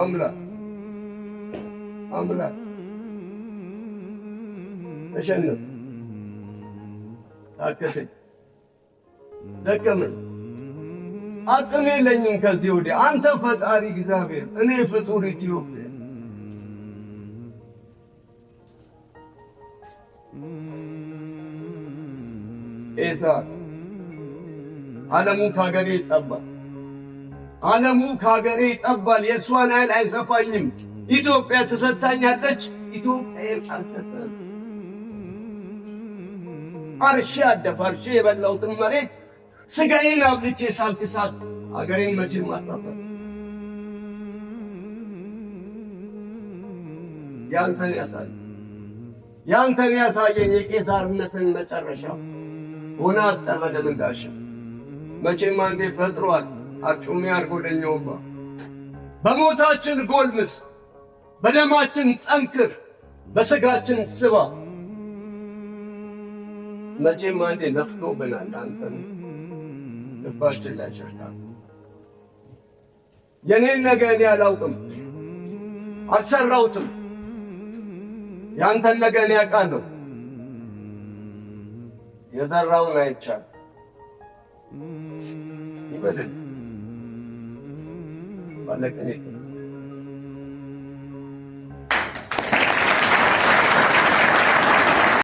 አምላክ አምላክ ተሸነፍ ታከሰኝ ደከምን አቅም የለኝም ከዚህ ወዲህ አንተ ፈጣሪ እግዚአብሔር እኔ ፍጡር ኢትዮጵያ ኤሳ ዓለሙን ከሀገሬ ይጠባል ዓለሙ ከሀገሬ ይጠባል፣ የእሷን ኃይል አይሰፋኝም። ኢትዮጵያ ተሰጥታኛለች፣ ኢትዮጵያም አልሰጥም። አርሼ አደፋርሼ የበላሁትን መሬት ስጋዬን አብልቼ ሳልክሳት አገሬን መቼም አጣፋት ያንተን ያሳይ ያንተን ያሳየኝ የቄሳርነትን መጨረሻ ሆና አጠረ መቼም አንዴ ፈጥሯል። አርጩሜ አርጎደኛውማ በሞታችን ጎልምስ፣ በደማችን ጠንክር፣ በሥጋችን ስባ። መቼም አንዴ ነፍቶብናል አንተን ልባችን ላይ ሸርካል። የኔን ነገ እኔ አላውቅም አልሰራውትም። ያንተን ነገ እኔ አውቃለሁ። የዘራውን አይቻል ይበልል 完了给你。